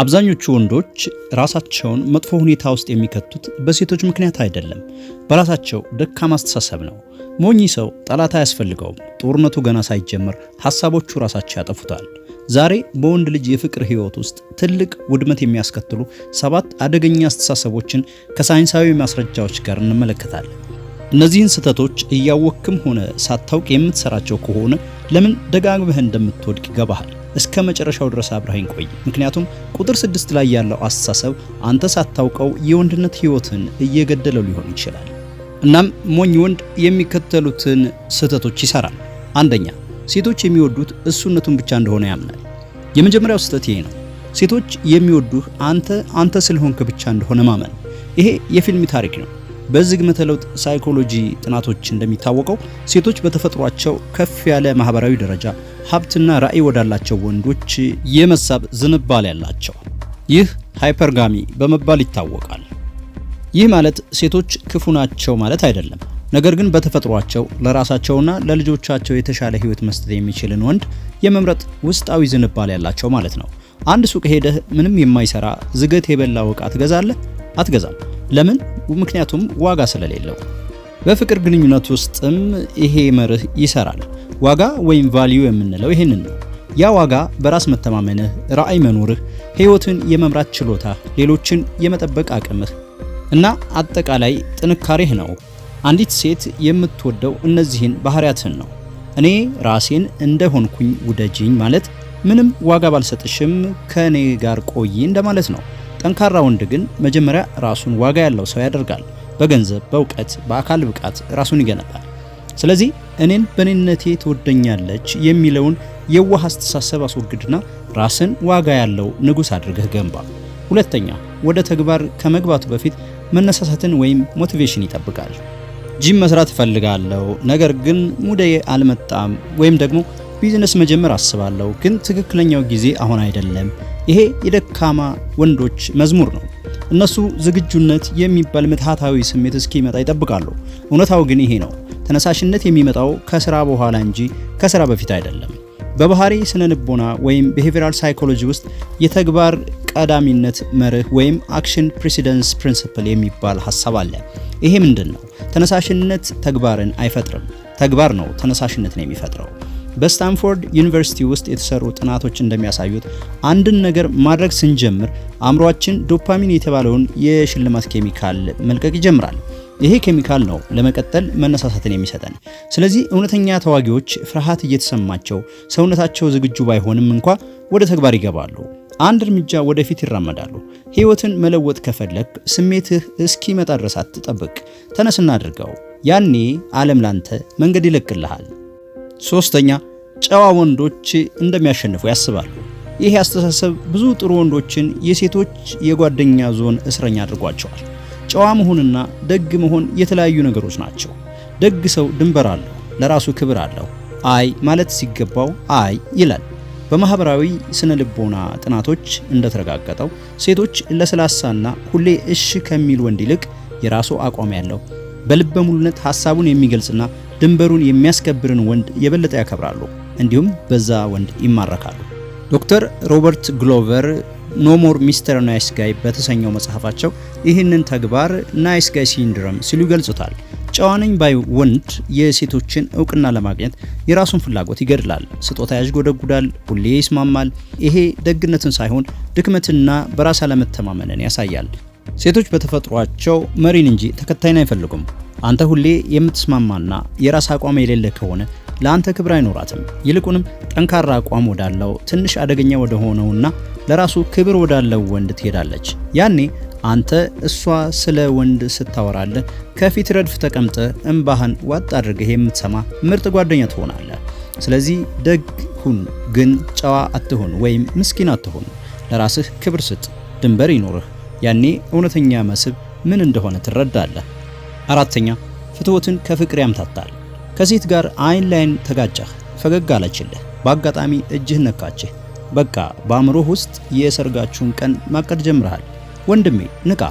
አብዛኞቹ ወንዶች ራሳቸውን መጥፎ ሁኔታ ውስጥ የሚከቱት በሴቶች ምክንያት አይደለም፣ በራሳቸው ደካማ አስተሳሰብ ነው። ሞኝ ሰው ጠላት አያስፈልገውም። ጦርነቱ ገና ሳይጀምር ሀሳቦቹ ራሳቸው ያጠፉታል። ዛሬ በወንድ ልጅ የፍቅር ህይወት ውስጥ ትልቅ ውድመት የሚያስከትሉ ሰባት አደገኛ አስተሳሰቦችን ከሳይንሳዊ ማስረጃዎች ጋር እንመለከታለን። እነዚህን ስህተቶች እያወክም ሆነ ሳታውቅ የምትሰራቸው ከሆነ ለምን ደጋግመህ እንደምትወድቅ ይገባሃል። እስከ መጨረሻው ድረስ አብረኸኝ ቆይ። ምክንያቱም ቁጥር ስድስት ላይ ያለው አስተሳሰብ አንተ ሳታውቀው የወንድነት ህይወትን እየገደለው ሊሆን ይችላል። እናም ሞኝ ወንድ የሚከተሉትን ስህተቶች ይሰራል። አንደኛ፣ ሴቶች የሚወዱት እሱነቱን ብቻ እንደሆነ ያምናል። የመጀመሪያው ስህተት ይሄ ነው። ሴቶች የሚወዱህ አንተ አንተ ስለሆንክ ብቻ እንደሆነ ማመን። ይሄ የፊልም ታሪክ ነው። በዝግመተ ለውጥ ሳይኮሎጂ ጥናቶች እንደሚታወቀው ሴቶች በተፈጥሯቸው ከፍ ያለ ማህበራዊ ደረጃ፣ ሀብትና ራዕይ ወዳላቸው ወንዶች የመሳብ ዝንባሌ ያላቸው፣ ይህ ሃይፐርጋሚ በመባል ይታወቃል። ይህ ማለት ሴቶች ክፉ ናቸው ማለት አይደለም። ነገር ግን በተፈጥሯቸው ለራሳቸውና ለልጆቻቸው የተሻለ ህይወት መስጠት የሚችልን ወንድ የመምረጥ ውስጣዊ ዝንባሌ ያላቸው ማለት ነው። አንድ ሱቅ ሄደህ ምንም የማይሰራ ዝገት የበላ እቃ ትገዛለህ? አትገዛም። ለምን? ምክንያቱም ዋጋ ስለሌለው። በፍቅር ግንኙነት ውስጥም ይሄ መርህ ይሰራል። ዋጋ ወይም ቫሊዩ የምንለው ይህንን ነው። ያ ዋጋ በራስ መተማመንህ፣ ራዕይ መኖርህ፣ ህይወትን የመምራት ችሎታ ሌሎችን የመጠበቅ አቅምህ እና አጠቃላይ ጥንካሬህ ነው። አንዲት ሴት የምትወደው እነዚህን ባህሪያትን ነው። እኔ ራሴን እንደሆንኩኝ ውደጂኝ ማለት ምንም ዋጋ ባልሰጥሽም ከእኔ ጋር ቆይ እንደማለት ነው። ጠንካራ ወንድ ግን መጀመሪያ ራሱን ዋጋ ያለው ሰው ያደርጋል። በገንዘብ፣ በእውቀት፣ በአካል ብቃት ራሱን ይገነባል። ስለዚህ እኔን በኔነቴ ትወደኛለች የሚለውን የዋህ አስተሳሰብ አስወግድና ራስን ዋጋ ያለው ንጉሥ አድርገህ ገንባ። ሁለተኛ፣ ወደ ተግባር ከመግባቱ በፊት መነሳሳትን ወይም ሞቲቬሽን ይጠብቃል። ጂም መስራት እፈልጋለሁ ነገር ግን ሙዴ አልመጣም ወይም ደግሞ ቢዝነስ መጀመር አስባለሁ፣ ግን ትክክለኛው ጊዜ አሁን አይደለም። ይሄ የደካማ ወንዶች መዝሙር ነው። እነሱ ዝግጁነት የሚባል ምትሃታዊ ስሜት እስኪመጣ ይጠብቃሉ። እውነታው ግን ይሄ ነው። ተነሳሽነት የሚመጣው ከስራ በኋላ እንጂ ከስራ በፊት አይደለም። በባህሪ ስነ ልቦና ወይም ቢሄቪራል ሳይኮሎጂ ውስጥ የተግባር ቀዳሚነት መርህ ወይም አክሽን ፕሬሲደንስ ፕሪንስፕል የሚባል ሀሳብ አለ። ይሄ ምንድን ነው? ተነሳሽነት ተግባርን አይፈጥርም። ተግባር ነው ተነሳሽነትን የሚፈጥረው። በስታንፎርድ ዩኒቨርሲቲ ውስጥ የተሰሩ ጥናቶች እንደሚያሳዩት አንድን ነገር ማድረግ ስንጀምር አእምሯችን ዶፓሚን የተባለውን የሽልማት ኬሚካል መልቀቅ ይጀምራል። ይሄ ኬሚካል ነው ለመቀጠል መነሳሳትን የሚሰጠን። ስለዚህ እውነተኛ ተዋጊዎች ፍርሃት እየተሰማቸው ሰውነታቸው ዝግጁ ባይሆንም እንኳ ወደ ተግባር ይገባሉ። አንድ እርምጃ ወደፊት ይራመዳሉ። ህይወትን መለወጥ ከፈለክ ስሜትህ እስኪመጣ ድረስ አትጠብቅ። ተነስና አድርገው። ያኔ ዓለም ላንተ መንገድ ይለቅልሃል። ሶስተኛ ጨዋ ወንዶች እንደሚያሸንፉ ያስባሉ። ይህ አስተሳሰብ ብዙ ጥሩ ወንዶችን የሴቶች የጓደኛ ዞን እስረኛ አድርጓቸዋል። ጨዋ መሆንና ደግ መሆን የተለያዩ ነገሮች ናቸው። ደግ ሰው ድንበር አለው፣ ለራሱ ክብር አለው። አይ ማለት ሲገባው አይ ይላል። በማህበራዊ ስነ ልቦና ጥናቶች እንደተረጋገጠው ሴቶች ለስላሳና ሁሌ እሺ ከሚል ወንድ ይልቅ የራሱ አቋም ያለው በልበ ሙሉነት ሀሳቡን የሚገልጽና ድንበሩን የሚያስከብርን ወንድ የበለጠ ያከብራሉ፣ እንዲሁም በዛ ወንድ ይማረካሉ። ዶክተር ሮበርት ግሎቨር ኖ ሞር ሚስተር ናይስ ጋይ በተሰኘው መጽሐፋቸው ይህንን ተግባር ናይስ ጋይ ሲንድረም ሲሉ ይገልጹታል። ጨዋነኝ ባይ ወንድ የሴቶችን እውቅና ለማግኘት የራሱን ፍላጎት ይገድላል፣ ስጦታ ያዥጎደጉዳል፣ ሁሌ ይስማማል። ይሄ ደግነትን ሳይሆን ድክመትና በራስ አለመተማመንን ያሳያል። ሴቶች በተፈጥሯቸው መሪን እንጂ ተከታይን አይፈልጉም። አንተ ሁሌ የምትስማማና የራስ አቋም የሌለ ከሆነ ለአንተ ክብር አይኖራትም። ይልቁንም ጠንካራ አቋም ወዳለው ትንሽ አደገኛ ሆነውና ለራሱ ክብር ወዳለው ወንድ ትሄዳለች። ያኔ አንተ እሷ ስለ ወንድ ስታወራለ ከፊት ረድፍ ተቀምጠ እምባህን ዋጥ አድርገህ የምትሰማ ምርጥ ጓደኛ ትሆናለህ። ስለዚህ ደግ ሁን፣ ግን ጨዋ አትሁን ወይም ምስኪን አትሁን። ለራስህ ክብር ስጥ፣ ድንበር ይኖርህ። ያኔ እውነተኛ መስህብ ምን እንደሆነ ትረዳለህ። አራተኛ ፍትወትን ከፍቅር ያምታታል። ከሴት ጋር አይን ላይን ተጋጨህ፣ ፈገግ አለችልህ፣ በአጋጣሚ እጅህ ነካችህ። በቃ በአእምሮህ ውስጥ የሰርጋችሁን ቀን ማቀድ ጀምረሃል። ወንድሜ ንቃ።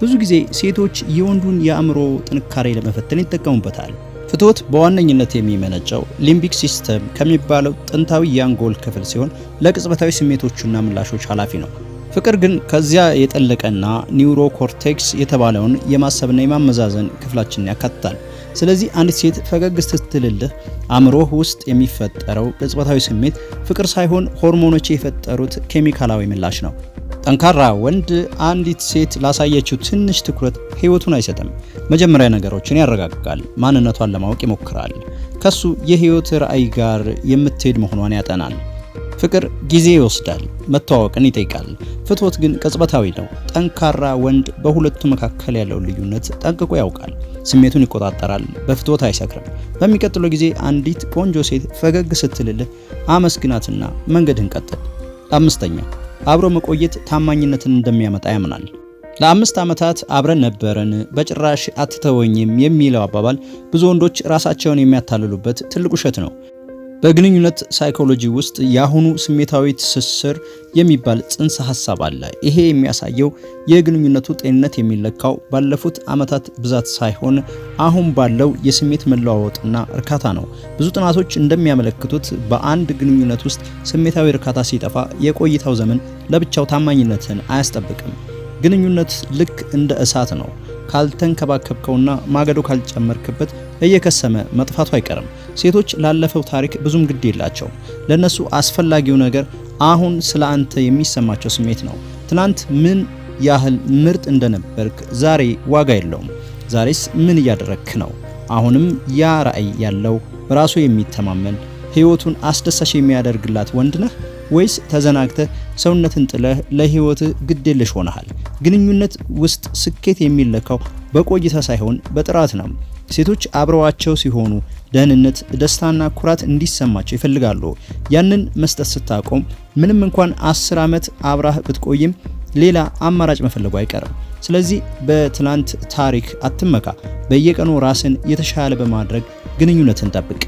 ብዙ ጊዜ ሴቶች የወንዱን የአእምሮ ጥንካሬ ለመፈተን ይጠቀሙበታል። ፍትወት በዋነኝነት የሚመነጨው ሊምቢክ ሲስተም ከሚባለው ጥንታዊ የአንጎል ክፍል ሲሆን ለቅጽበታዊ ስሜቶቹና ምላሾች ኃላፊ ነው። ፍቅር ግን ከዚያ የጠለቀና ኒውሮ ኮርቴክስ የተባለውን የማሰብና የማመዛዘን ክፍላችንን ያካትታል። ስለዚህ አንዲት ሴት ፈገግ ስትልልህ አእምሮህ ውስጥ የሚፈጠረው ቅጽበታዊ ስሜት ፍቅር ሳይሆን ሆርሞኖች የፈጠሩት ኬሚካላዊ ምላሽ ነው። ጠንካራ ወንድ አንዲት ሴት ላሳየችው ትንሽ ትኩረት ህይወቱን አይሰጥም። መጀመሪያ ነገሮችን ያረጋግቃል፣ ማንነቷን ለማወቅ ይሞክራል፣ ከሱ የህይወት ራዕይ ጋር የምትሄድ መሆኗን ያጠናል። ፍቅር ጊዜ ይወስዳል። መተዋወቅን ይጠይቃል። ፍትወት ግን ቅጽበታዊ ነው። ጠንካራ ወንድ በሁለቱ መካከል ያለውን ልዩነት ጠንቅቆ ያውቃል። ስሜቱን ይቆጣጠራል። በፍትወት አይሰክርም። በሚቀጥለው ጊዜ አንዲት ቆንጆ ሴት ፈገግ ስትልልህ አመስግናትና መንገድህን ቀጥል። አምስተኛ አብሮ መቆየት ታማኝነትን እንደሚያመጣ ያምናል። ለአምስት ዓመታት አብረን ነበረን፣ በጭራሽ አትተወኝም የሚለው አባባል ብዙ ወንዶች ራሳቸውን የሚያታልሉበት ትልቅ ውሸት ነው። በግንኙነት ሳይኮሎጂ ውስጥ የአሁኑ ስሜታዊ ትስስር የሚባል ጽንሰ ሀሳብ አለ። ይሄ የሚያሳየው የግንኙነቱ ጤንነት የሚለካው ባለፉት ዓመታት ብዛት ሳይሆን አሁን ባለው የስሜት መለዋወጥና እርካታ ነው። ብዙ ጥናቶች እንደሚያመለክቱት በአንድ ግንኙነት ውስጥ ስሜታዊ እርካታ ሲጠፋ የቆይታው ዘመን ለብቻው ታማኝነትን አያስጠብቅም። ግንኙነት ልክ እንደ እሳት ነው። ካልተንከባከብከውና ማገዶ ካልጨመርክበት እየከሰመ መጥፋቱ አይቀርም። ሴቶች ላለፈው ታሪክ ብዙም ግድ የላቸው። ለነሱ አስፈላጊው ነገር አሁን ስለ አንተ የሚሰማቸው ስሜት ነው። ትናንት ምን ያህል ምርጥ እንደነበርክ ዛሬ ዋጋ የለውም። ዛሬስ ምን እያደረግክ ነው? አሁንም ያ ራዕይ ያለው በራሱ የሚተማመን ህይወቱን አስደሳች የሚያደርግላት ወንድ ነህ። ወይስ ተዘናግተህ ሰውነትን ጥለህ ለህይወት ግዴለሽ ሆነሃል? ግንኙነት ውስጥ ስኬት የሚለካው በቆይታ ሳይሆን በጥራት ነው። ሴቶች አብረዋቸው ሲሆኑ ደህንነት፣ ደስታና ኩራት እንዲሰማቸው ይፈልጋሉ። ያንን መስጠት ስታቆም ምንም እንኳን አስር ዓመት አብራህ ብትቆይም ሌላ አማራጭ መፈለጉ አይቀርም። ስለዚህ በትላንት ታሪክ አትመካ። በየቀኑ ራስን የተሻለ በማድረግ ግንኙነትን ጠብቅ።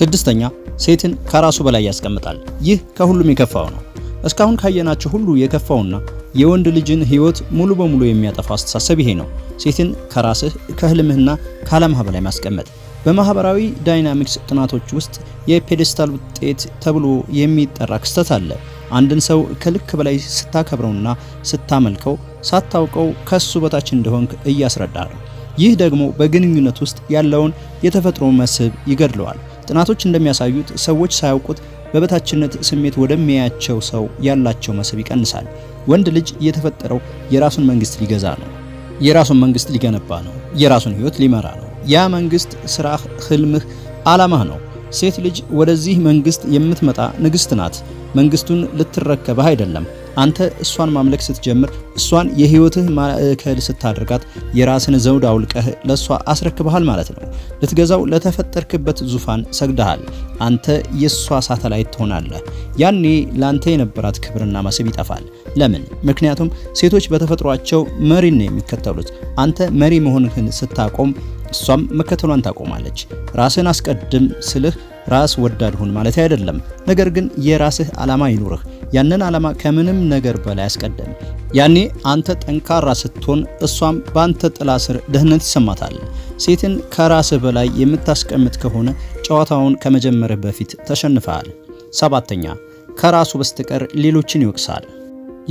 ስድስተኛ ሴትን ከራሱ በላይ ያስቀምጣል። ይህ ከሁሉም የከፋው ነው። እስካሁን ካየናቸው ሁሉ የከፋውና የወንድ ልጅን ህይወት ሙሉ በሙሉ የሚያጠፋ አስተሳሰብ ይሄ ነው። ሴትን ከራስህ ከህልምህና ከዓላማህ በላይ ማስቀመጥ። በማህበራዊ ዳይናሚክስ ጥናቶች ውስጥ የፔደስታል ውጤት ተብሎ የሚጠራ ክስተት አለ። አንድን ሰው ከልክ በላይ ስታከብረውና ስታመልከው ሳታውቀው ከሱ በታች እንደሆንክ እያስረዳ ነው። ይህ ደግሞ በግንኙነት ውስጥ ያለውን የተፈጥሮ መስህብ ይገድለዋል። ጥናቶች እንደሚያሳዩት ሰዎች ሳያውቁት በበታችነት ስሜት ወደሚያያቸው ሰው ያላቸው መስህብ ይቀንሳል። ወንድ ልጅ የተፈጠረው የራሱን መንግስት ሊገዛ ነው። የራሱን መንግስት ሊገነባ ነው። የራሱን ህይወት ሊመራ ነው። ያ መንግስት ስራህ፣ ህልምህ፣ አላማህ ነው። ሴት ልጅ ወደዚህ መንግስት የምትመጣ ንግስት ናት። መንግስቱን ልትረከበህ አይደለም። አንተ እሷን ማምለክ ስትጀምር እሷን የህይወትህ ማዕከል ስታደርጋት የራስን ዘውድ አውልቀህ ለእሷ አስረክበሃል ማለት ነው። ልትገዛው ለተፈጠርክበት ዙፋን ሰግደሃል። አንተ የእሷ ሳተላይት ትሆናለህ። ያኔ ለአንተ የነበራት ክብርና መስህብ ይጠፋል። ለምን? ምክንያቱም ሴቶች በተፈጥሯቸው መሪን ነው የሚከተሉት። አንተ መሪ መሆንህን ስታቆም እሷም መከተሏን ታቆማለች። ራስህን አስቀድም ስልህ ራስ ወዳድ ሁን ማለት አይደለም። ነገር ግን የራስህ ዓላማ ይኑርህ። ያንን ዓላማ ከምንም ነገር በላይ አስቀደም። ያኔ አንተ ጠንካራ ስትሆን እሷም በአንተ ጥላ ስር ደህንነት ይሰማታል። ሴትን ከራስህ በላይ የምታስቀምጥ ከሆነ ጨዋታውን ከመጀመርህ በፊት ተሸንፈሃል። ሰባተኛ ከራሱ በስተቀር ሌሎችን ይወቅሳል።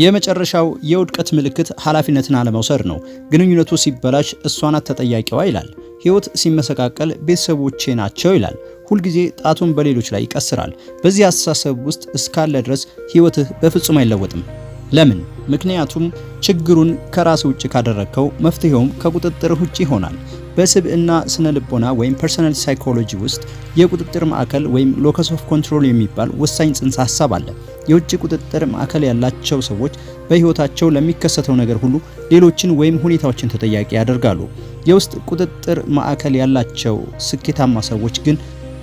የመጨረሻው የውድቀት ምልክት ኃላፊነትን አለመውሰድ ነው። ግንኙነቱ ሲበላሽ እሷ ናት ተጠያቂዋ ይላል። ሕይወት ሲመሰቃቀል ቤተሰቦቼ ናቸው ይላል። ሁልጊዜ ጣቱን በሌሎች ላይ ይቀስራል። በዚህ አስተሳሰብ ውስጥ እስካለ ድረስ ህይወትህ በፍጹም አይለወጥም። ለምን? ምክንያቱም ችግሩን ከራስ ውጭ ካደረግከው መፍትሄውም ከቁጥጥር ውጭ ይሆናል። በስብዕና ስነ ልቦና ወይም ፐርሰናል ሳይኮሎጂ ውስጥ የቁጥጥር ማዕከል ወይም ሎከስ ኦፍ ኮንትሮል የሚባል ወሳኝ ጽንሰ ሀሳብ አለ። የውጭ ቁጥጥር ማዕከል ያላቸው ሰዎች በህይወታቸው ለሚከሰተው ነገር ሁሉ ሌሎችን ወይም ሁኔታዎችን ተጠያቂ ያደርጋሉ። የውስጥ ቁጥጥር ማዕከል ያላቸው ስኬታማ ሰዎች ግን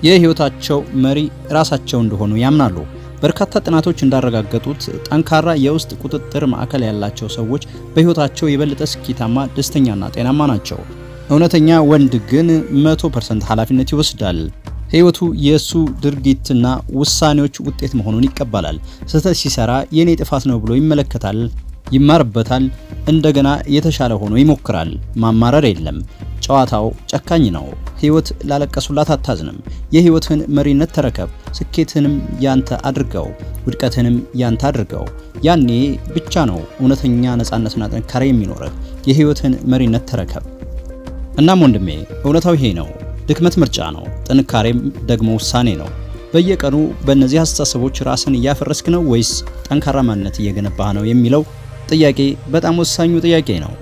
የህይወታቸው መሪ ራሳቸው እንደሆኑ ያምናሉ። በርካታ ጥናቶች እንዳረጋገጡት ጠንካራ የውስጥ ቁጥጥር ማዕከል ያላቸው ሰዎች በህይወታቸው የበለጠ ስኬታማ፣ ደስተኛና ጤናማ ናቸው። እውነተኛ ወንድ ግን 100% ኃላፊነት ይወስዳል። ህይወቱ የእሱ ድርጊትና ውሳኔዎች ውጤት መሆኑን ይቀበላል። ስህተት ሲሰራ የኔ ጥፋት ነው ብሎ ይመለከታል። ይማርበታል፣ እንደገና የተሻለ ሆኖ ይሞክራል። ማማረር የለም። ጨዋታው ጨካኝ ነው። ህይወት ላለቀሱላት አታዝንም። የህይወትህን መሪነት ተረከብ። ስኬትህንም ያንተ አድርገው፣ ውድቀትህንም ያንተ አድርገው። ያኔ ብቻ ነው እውነተኛ ነፃነትና ጥንካሬ የሚኖርህ። የህይወትህን መሪነት ተረከብ። እናም ወንድሜ እውነታው ይሄ ነው። ድክመት ምርጫ ነው፣ ጥንካሬም ደግሞ ውሳኔ ነው። በየቀኑ በእነዚህ አስተሳሰቦች ራስን እያፈረስክ ነው ወይስ ጠንካራ ማንነት እየገነባህ ነው የሚለው ጥያቄ በጣም ወሳኙ ጥያቄ ነው።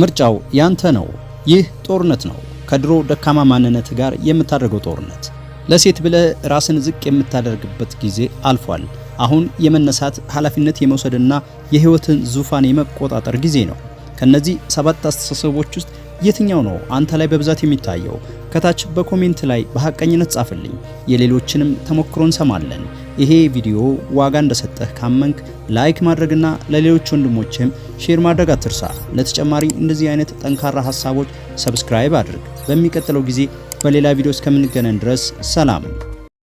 ምርጫው ያንተ ነው። ይህ ጦርነት ነው፣ ከድሮ ደካማ ማንነት ጋር የምታደርገው ጦርነት። ለሴት ብለህ ራስን ዝቅ የምታደርግበት ጊዜ አልፏል። አሁን የመነሳት ኃላፊነት የመውሰድና የህይወትን ዙፋን የመቆጣጠር ጊዜ ነው። ከነዚህ ሰባት አስተሳሰቦች ውስጥ የትኛው ነው አንተ ላይ በብዛት የሚታየው? ከታች በኮሜንት ላይ በሐቀኝነት ጻፍልኝ። የሌሎችንም ተሞክሮ እንሰማለን። ይሄ ቪዲዮ ዋጋ እንደሰጠህ ካመንክ ላይክ ማድረግና ለሌሎች ወንድሞችም ሼር ማድረግ አትርሳ። ለተጨማሪ እንደዚህ አይነት ጠንካራ ሀሳቦች ሰብስክራይብ አድርግ። በሚቀጥለው ጊዜ በሌላ ቪዲዮ እስከምንገናኝ ድረስ ሰላም።